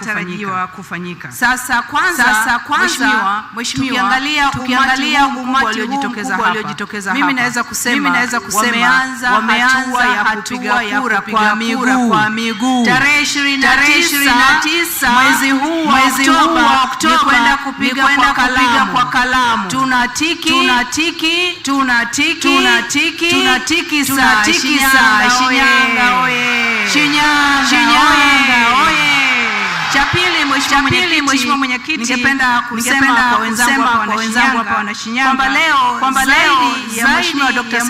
yanatarajiwa kufanyika. Sasa kwanza, sasa kwanza, mheshimiwa, tukiangalia umati uliojitokeza hapa, hapa, mimi naweza kusema, mimi naweza kusema wameanza wameanza ya kupiga kura kwa miguu kwa miguu tarehe 29 mwezi huu mwezi huu wa Oktoba kwenda kupiga kwa kalamu. Tuna tuna tuna tuna tiki tiki tiki tiki tunatiki tiki tunatiki tunatiki saa Shinyanga oye! Shinyanga oye! Cha pili, Mheshimiwa Mwenyekiti, ningependa kusema kwa wenzangu hapa wana Shinyanga kwamba leo kwamba leo Mheshimiwa Dr.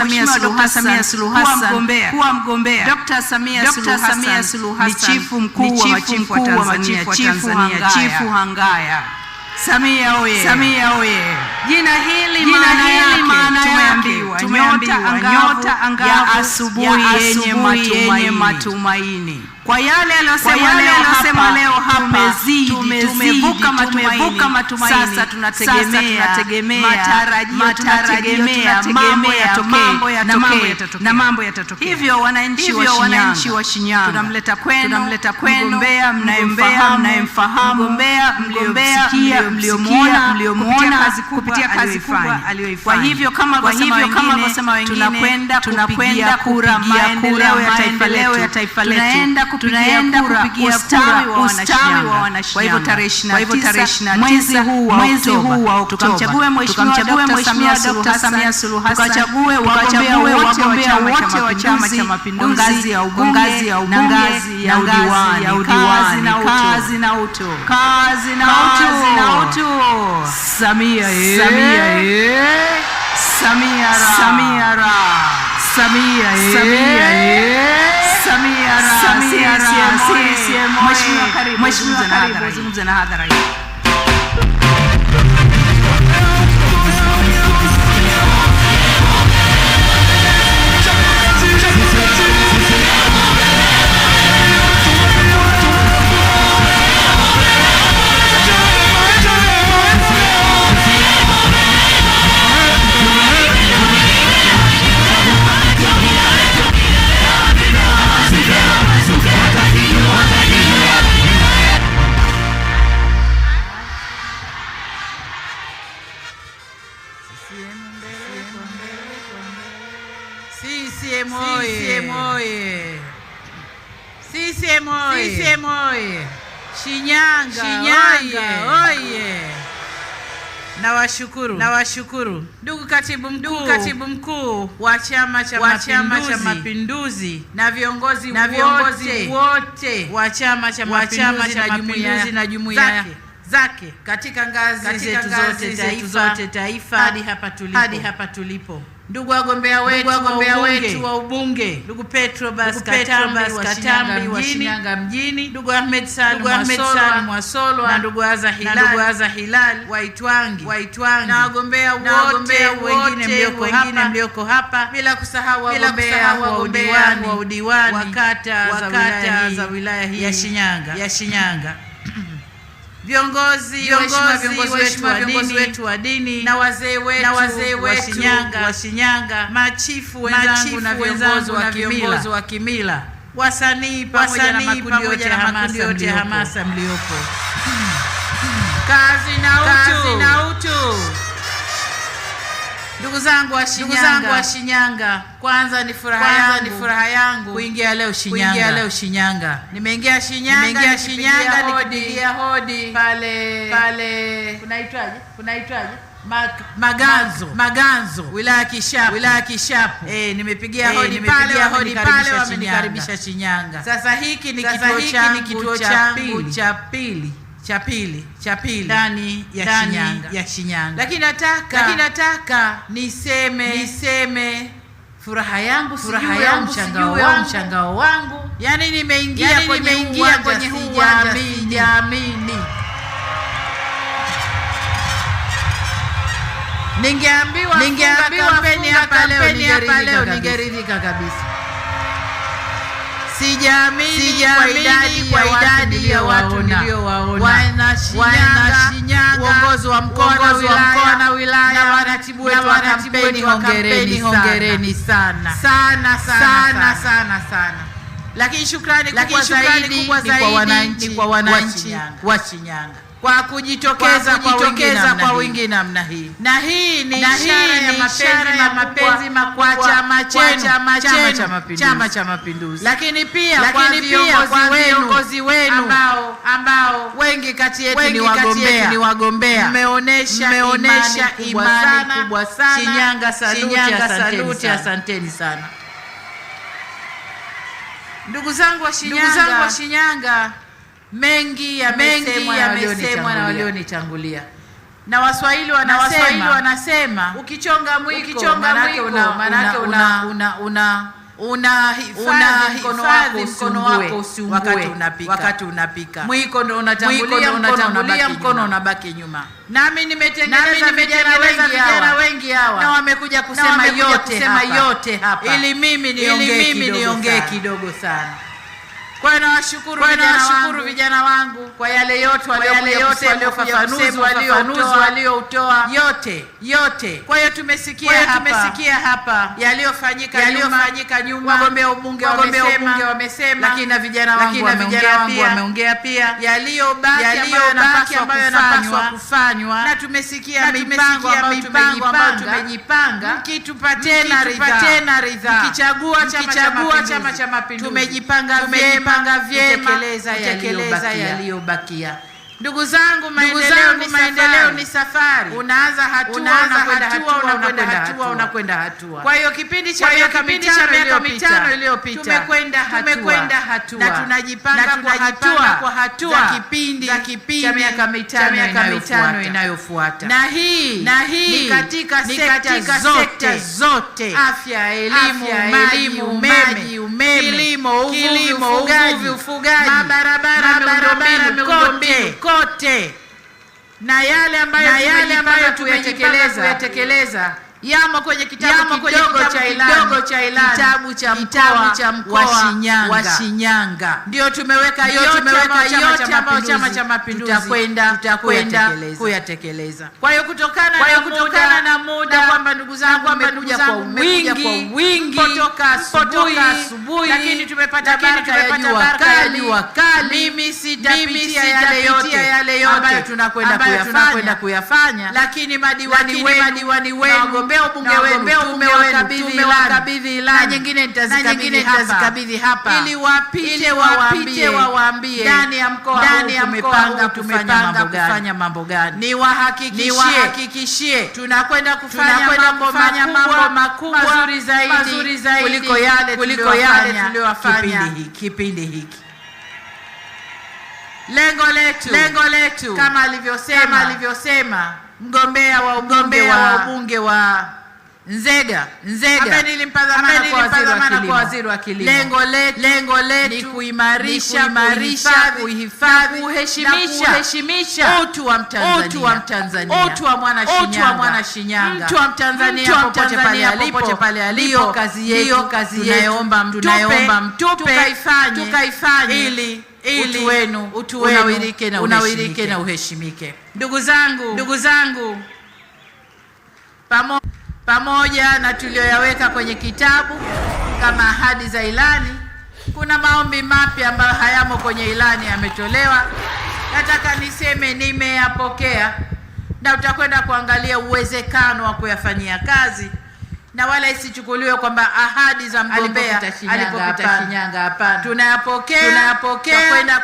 Samia Suluhu Hassan kuwa mgombea Dr. Samia Suluhu Hassan ni chifu mkuu wa machifu wa Tanzania, chifu Hangaya. Samia oye! Samia oye! Jina hili maana yake tumeambiwa nyota angavu ya asubuhi yenye matumaini. Kwa yale aliyosema leo hapa, leo hapa tumezidi, tumevuka matumaini, matumaini. Sasa tunategemea matarajio, tunategemea mambo yatokee na mambo yatatokea. Hivyo wananchi wa Shinyanga tunamleta kwenu mgombea mnayemfahamu, mgombea mliomwona kupitia kazi kubwa aliyoifanya. Kwa hivyo kama alivyosema wengine, tunakwenda kupigia kura maendeleo ya taifa letu kupigia kura ustawi wa wanashamba. Kwa hivyo tarehe 29 mwezi huu wa Oktoba tukamchague Mheshimiwa Dkt. Samia Suluhu Hassan, tukachague wagombea wote wa Chama cha Mapinduzi ngazi ya ubunge na ngazi ya udiwani. Kazi na utu, kazi na utu. Samia ye. Samia ye. Samia ra. Samia ra. Samia Samia ye. ye. Samia Rais, Mheshimiwa, karibu zungumze na hadhara hii. Nawashukuru. Nawashukuru. Ndugu katibu mkuu, ndugu katibu mkuu wa Chama cha wa chama cha Mapinduzi na viongozi na viongozi wote wa Chama cha Mapinduzi na jumuiya yake zake katika ngazi zetu zote taifa hadi hapa tulipo hadi hapa tulipo. Ndugu wagombea wetu wetu wa ubunge, ndugu Petro Bas Katambi wa Shinyanga mjini, ndugu Ahmed San Mwasolwa na ndugu Aza Hilal ndugu Aza Hilal wa Itwangi, wa Itwangi na wagombea wote wengine mlioko hapa, mlioko hapa bila kusahau wagombea wa udiwani wa udiwani kata za wilaya hii ya Shinyanga, ya Shinyanga viongozi waheshimiwa viongozi wetu wa dini na wazee wetu na wazee wa Shinyanga, Shinyanga machifu wenzangu na viongozi wa kimila, wa kimila wasanii pamoja na makundi yote ya hamasa mliopo. kazi na utu, Kazi na utu. Ndugu zangu wa Shinyanga, wa Shinyanga, kwanza ni furaha yangu, ni furaha yangu kuingia leo Shinyanga, kuingia leo Shinyanga. Nimeingia Shinyanga, nimeingia Shinyanga nikipigia hodi pale pale, kunaitwaje, kunaitwaje Maganzo, Maganzo, wilaya Kishapu, wilaya Kishapu. Eh, nimepigia eh, hodi pale, hodi pale, wamenikaribisha Shinyanga. Sasa hiki ni kituo changu cha pili cha pili cha pili ndani ya ndani Shinyanga, ya Shinyanga. Lakini nataka lakini nataka niseme niseme furaha yangu furaha yangu mshangao wangu mshangao wangu, yani nimeingia yani kwenye nimeingia kwenye huu uwanja sijaamini. Ningeambiwa ningeambiwa kampeni hapa leo ningeridhika kabisa. Sijaamini kwa idadi ya watu niliowaona, wana Shinyanga, uongozi wa mkoa na wilaya na waratibu wetu wa kampeni, hongereni sana sana sana sana. Lakini shukrani kubwa zaidi ni kwa wananchi wa Shinyanga kwa kujitokeza kwa kujitokeza kwa wingi namna hii, na hii ni ishara ya mapenzi makubwa kwa chama chenu, Chama cha Mapinduzi. Lakini pia kwa viongozi wenu ambao, ambao wengi kati yetu ni wagombea, ni wagombea, mmeonesha mmeonesha imani kubwa sana. Shinyanga saluti, asanteni sana ndugu zangu wa Shinyanga mengi yamesemwa na walionitangulia na Waswahili wanasema, wanasema ukichonga mwiko, ukichonga mwiko manake una, una, una, una unahifadhi mkono wako usiungue wakati unapika, wakati unapika. Mwiko ndo unatangulia, unatangulia mkono unabaki nyuma. Nami nimetengeneza vijana wengi hawa na wamekuja kusema yote hapa, ili mimi niongee kidogo sana. Kwa hiyo nawashukuru vijana wangu kwa yale yote walioutoa yote yote. Kwa hiyo tumesikia hapa tumesikia hapa yaliyofanyika nyuma, wagombea ubunge wamesema, lakini na vijana wangu wameongea pia yaliyobaki ambayo yanapaswa kufanywa, na tumesikia mipango ambayo tumejipanga, mkitupa tena ridhaa, mkichagua Chama cha Mapinduzi, tumejipanga vyema kupanga vyema kutekeleza yaliyobakia. Ndugu zangu, maendeleo ni safari, unaanza hatua, unakwenda hatua, unakwenda hatua. Kwa hiyo kipindi cha miaka mitano iliyopita tumekwenda hatua na tunajipanga kwa hatua kwa hatua za kipindi za kipindi cha miaka mitano inayofuata, na hii na hii ni katika sekta zote: afya, elimu, maji, ufugaji, mabarabara, miundombinu kote, na yale ambayo tuyatekeleza yamo kwenye kitabu kidogo cha ilani, kitabu cha mkoa wa Shinyanga. wa Shinyanga. Ndio tumeweka yote ambayo Chama cha Mapinduzi tutakwenda tutakwenda kuyatekeleza. Kwa hiyo kutokana na muda, kwamba ndugu zangu kwamba ndugu zangu kwa wingi kutoka asubuhi, lakini tumepata baraka ya jua kali. Mimi sitapitia yale yote ambayo tunakwenda kuyafanya, kuyafanya, lakini madiwani wenu, wagombea ubunge wenu, tumewakabidhi ilani na nyingine nitazikabidhi hapa, ili wapite wawaambie ndani ya mkoa tumepanga kufanya mambo gani. Niwahakikishie tunakwenda kufanya mambo makubwa mazuri zaidi kuliko yale tuliyofanya kipindi hiki. Lengo letu, lengo letu kama alivyosema alivyosema mgombea wa ubunge wa, wa Nzega Nzega nilimpa dhamana kwa waziri wa kilimo. Lengo letu, lengo letu ni kuimarisha, kuimarisha kuhifadhi, kuheshimisha kuheshimisha utu wa Mtanzania, utu wa Mtanzania wa mwana Shinyanga, mtu wa Mtanzania popote pale alipo. Kazi yetu tunayoomba mtupe, tukaifanye ili ili utu wenu unawirike na unawirike na uheshimike. Ndugu zangu, ndugu zangu, pamo, pamoja na tuliyoyaweka kwenye kitabu kama ahadi za ilani, kuna maombi mapya ambayo hayamo kwenye ilani yametolewa. Nataka niseme nimeyapokea na utakwenda kuangalia uwezekano wa kuyafanyia kazi na wala isichukuliwe kwamba ahadi za mgombea alipopita Shinyanga. Hapana, tunayapokea tunayapokea kwenda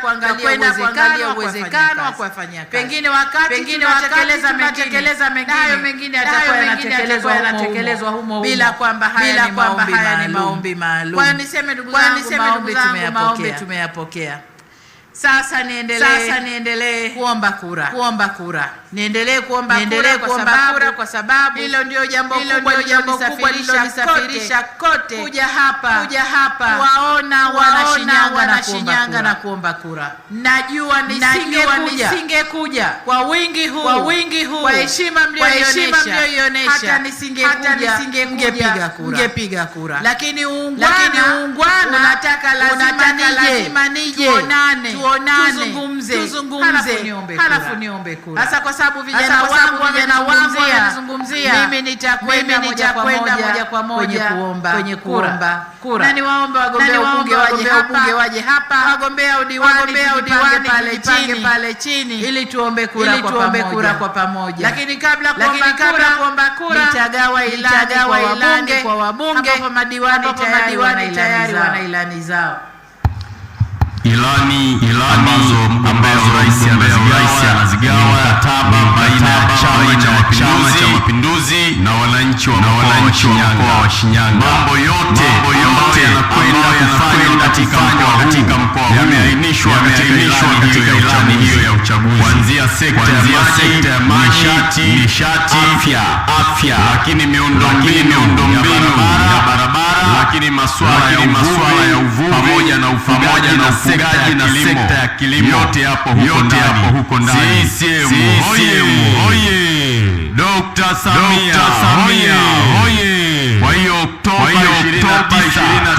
kuangalia uwezekano wa kuyafanyia kazi, pengine wakati pengine wakatekeleza mengine hayo mengine yatakuwa yanatekelezwa yanatekelezwa humo bila kwamba haya ni maombi maalum. Kwa niseme ndugu zangu, maombi tumeyapokea. Sasa niendelee sasa niendelee kuomba kura kuomba kura niendelee kuomba niendelee kuomba kura kwa sababu hilo ndio jambo kubwa jambo kubwa lilonisafirisha kote kuja hapa kuja hapa waona wanashinyanga na kuomba kura. Najua nisingekuja kwa wingi huu kwa wingi huu kwa heshima mlioionyesha hata nisingekuja ningepiga kura, lakini uungwana unataka lazima nije tuonane tuonane, tuzungumze, halafu niombe kula. Sasa kwa sababu vijana wangu vijana wangu wanazungumzia, mimi, nitakwenda moja kwa moja kwenye kuomba kura, na niwaombe wagombea ubunge waje hapa, waje hapa, wagombea udiwani tujipange pale chini ili tuombe kura kwa pamoja. Lakini kabla kuomba kura, nitagawa ilani kwa wabunge, kwa wabunge, kwa madiwani tayari wana ilani zao ilani ambazo ambazo rais anazigawa mkataba baina ya Chama cha Mapinduzi na wananchi wa mkoa wa Shinyanga. Mambo yote yote yanakwenda kufanywa katika mkoa katika huu yameainishwa yameainishwa katika ilani hiyo ya uchaguzi, kuanzia sekta ya maji, nishati, afya, afya, lakini miundo miundo lakini mbinu ya barabara, lakini masuala ya uvuvi pamoja na ufugaji na uwekezaji na sekta ya kilimo, yote hapo huko yote hapo huko ndani. CCM Oye! Dr. Samia Samia oye! Kwa hiyo Oktoba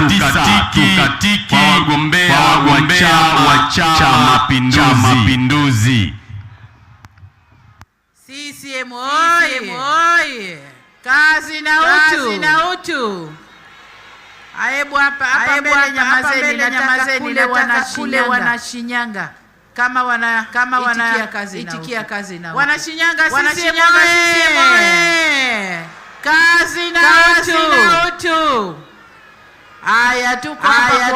29 tukatiki wagombea wa Chama cha Mapinduzi. CCM utu, Kazi na utu! Aebu hapa hapa mbele, nyamazeni, nyamazeni, nataka kule wana Shinyanga kama wana kama wana itikia kazi na kazi na wana Shinyanga, sisi kazi na utu. Haya, tuko hapa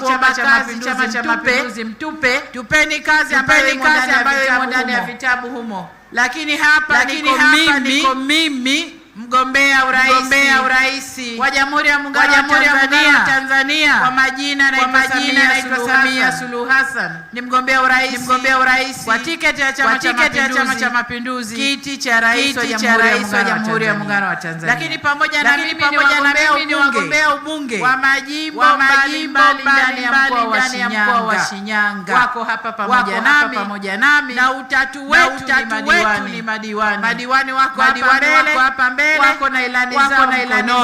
kuomba kazi Chama cha Mapinduzi, mtupe tupeni kazi ambayo imo ndani ya vitabu humo, lakini hapa niko mimi mgombea urais wa Jamhuri ya Muungano wa Tanzania kwa majina naitwa Samia Suluhu Hassan ni mgombea urais kwa tiketi ya Chama cha Mapinduzi, kiti cha rais wa Jamhuri ya Muungano wa Tanzania. Lakini pamoja na mimi ni wagombea ubunge wa majimbo mbalimbali ndani ya mkoa wa Shinyanga, wako hapa pamoja nami na utatu wetu ni madiwani. Madiwani wako hapa mbele na ilani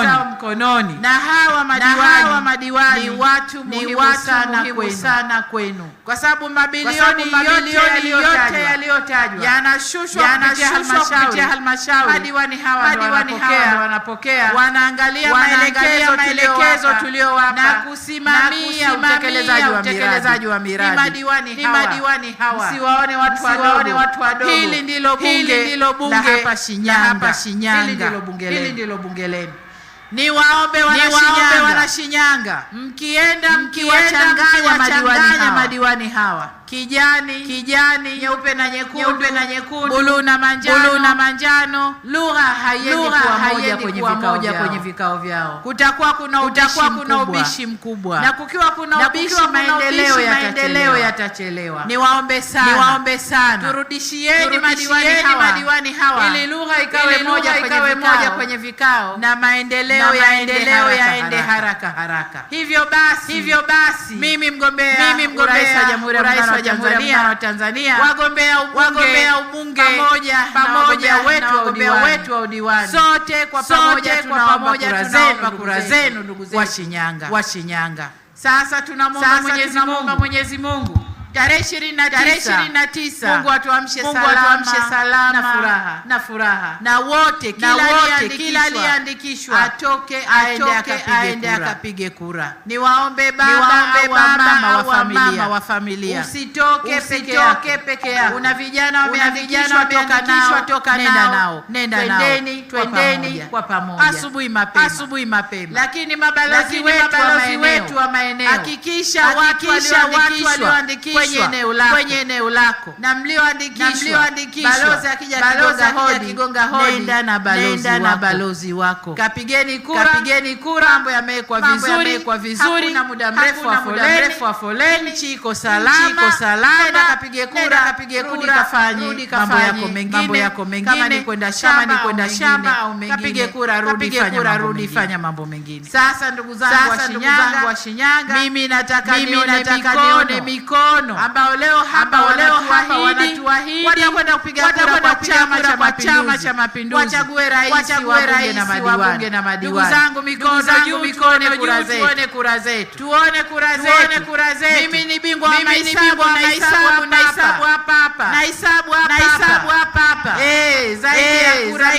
zao mkononi, na hawa madiwani na hawa madiwani ni watu muhimu sana kwenu, kwa sababu mabilioni yote yaliyotajwa yanashushwa kupitia halmashauri. Madiwani hawa wanapokea, wanaangalia maelekezo tuliyowapa na kusimamia utekelezaji wa miradi. Ni madiwani hawa, msiwaone watu wadogo. Hili ndilo bunge la hapa Shinyanga. hili hili ndilo bunge lenu. Niwaombe Wanashinyanga, mkienda mkiwachanganya madiwani hawa kijani, kijani, nyeupe na nyekundu na nyekundu, buluu na manjano na manjano. Lugha haiendi kuwa moja kwenye vikao vyao, kwenye vikao vyao. kutakuwa kuna utakuwa kuna ubishi mkubwa, na kukiwa kuna ubishi, maendeleo yatachelewa. Niwaombe sana, niwaombe sana, turudishieni madiwani madiwani hawa ili lugha ikawe moja ikawe moja kwenye vikao na maendeleo yaende haraka haraka. Hivyo basi, hivyo basi, mimi mgombea mimi mgombea rais wa Jamhuri ya wa Tanzania, wa Tanzania, wagombea ubunge pamoja wetu wa udiwani, sote kwa pamoja tunaomba kura zenu ndugu zetu wa Shinyanga. Sasa tunamwomba Mwenyezi Mungu Tarehe ishirini na tisa Mungu atuamshe salama, salama na furaha, na furaha na wote, kila aliyeandikishwa atoke aende akapige kura. Niwaombe baba au mama wa, wa familia, usitoke peke yako. Una vijana wameandikishwa, toka nao, toka nenda nao, twendeni twendeni kwa pamoja asubuhi mapema, asubuhi mapema. Lakini mabalozi wetu wa maeneo, hakikisha watu walioandikishwa kwenye eneo lako, na mlioandikishwa, balozi akija kigonga hodi, nenda na balozi wako, kapigeni kura. Mambo yamewekwa vizuri, na muda mrefu wa foleni, nchi iko salama. Kapige kura, mambo yako mengine, kwenda shamba au mengine, kapige kura, rudi, fanya mambo mengine. Sasa ndugu zangu wa Shinyanga, mimi nataka nione mikono mkono ambao leo hapa wanatuahidi watakwenda kupiga kura kwa Chama cha Mapinduzi, wachague rais, wa bunge na madiwani. Ndugu zangu, mikono juu, tuone kura zetu, tuone kura zetu. Mimi ni bingwa wa mahesabu, hesabu hapa hapa, na hesabu hapa na hesabu hapa, hapa, eh, zaidi ya eh, kura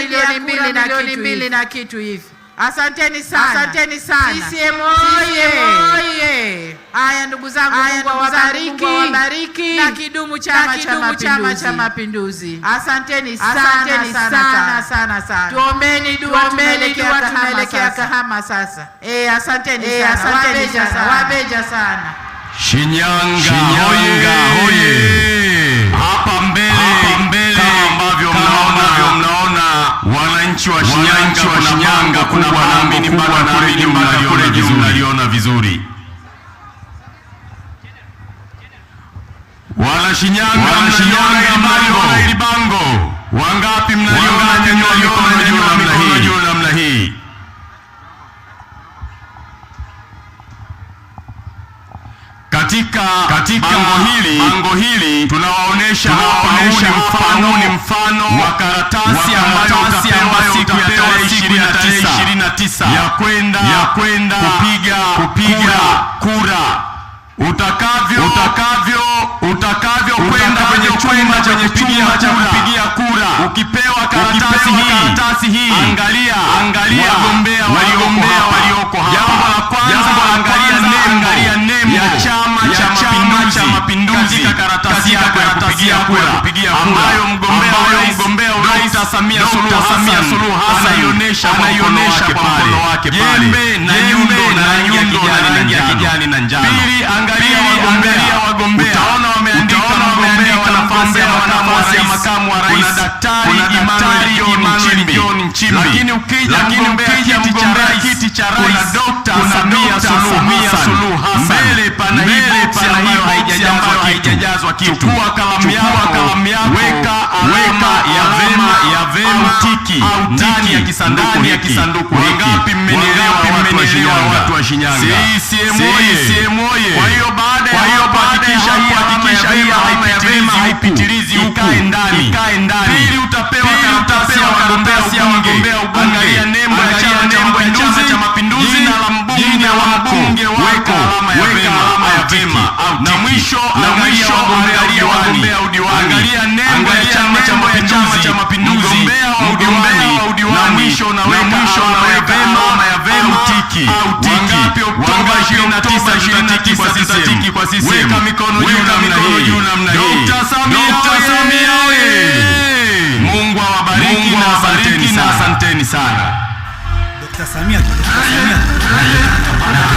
milioni mbili na kitu hivi. Asanteni sana. Asanteni sana. CCM oyee! Haya ndugu zangu, Mungu awabariki kibariki na kidumu Chama cha Mapinduzi. Asanteni sana sana sana, sana, sana. tuombeni dua, tunaelekea Kahama sasa. Eh, asanteni e, sana, sana, wabeja sana. Shinyanga, Shinyanga hoye! Hapa mbele ambavyo mnaona wananchi wa Shinyanga, kuna bango kubwa mnaliona vizuri. Wana Shinyanga, wana Shinyanga bango, hili Wangapi mnaliona mikono juu namna hii? Katika katika bango hili, bango hili tunawaonesha tunawaonesha mfano ni mfano wa karatasi ambayo utapewa siku ya tarehe 29 ya kwenda ya kwenda kupiga kupiga kura utakavyo utakavyo utakavyo kwenda kwenye chumba cha kupigia cha kupigia kura, ukipewa karatasi hii hii, angalia angalia wagombea waliogombea walioko hapa. Jambo la kwanza, angalia nembo angalia nembo ya Chama cha chama cha Mapinduzi katika karatasi ya kupigia kura, ambayo mgombea wa rais Samia Suluhu Hassan anaionyesha kwa mkono wake pale jembe na nyundo na rangi ya kijani na njano. Pili, angalia wagombea, utaona wameandika nafasi ya makamu wa rais, kuna daktari Immanuel John Nchimbi, lakini ukija mgombea kiti cha rais kuna dokta Samia Suluhu Hassan. Mbele pana hii boksi ambayo haijajazwa kitu. Chukua kalamu yako tiki ndani ya kisanduku ya kisanduku Wangapi mmenielewa watu wa Shinyanga? CCM oyee! Kwa hiyo baada ya kuhakikisha hii alama haipitilizi ikae ndani, ndani pili utapewa karatasi ya karatasi wagombea ubunge, angalia nembo ya Chama cha Mapinduzi, cha mapinduzi na la mbunge wa mbunge wako weka alama ya vema, na mwisho na mwisho angalia wagombea udiwani angalia nembo Weka mikono juu namna hii. Dkt. Samia oye! Mungu awabariki na asanteni sana. Samia, Dkt. Samia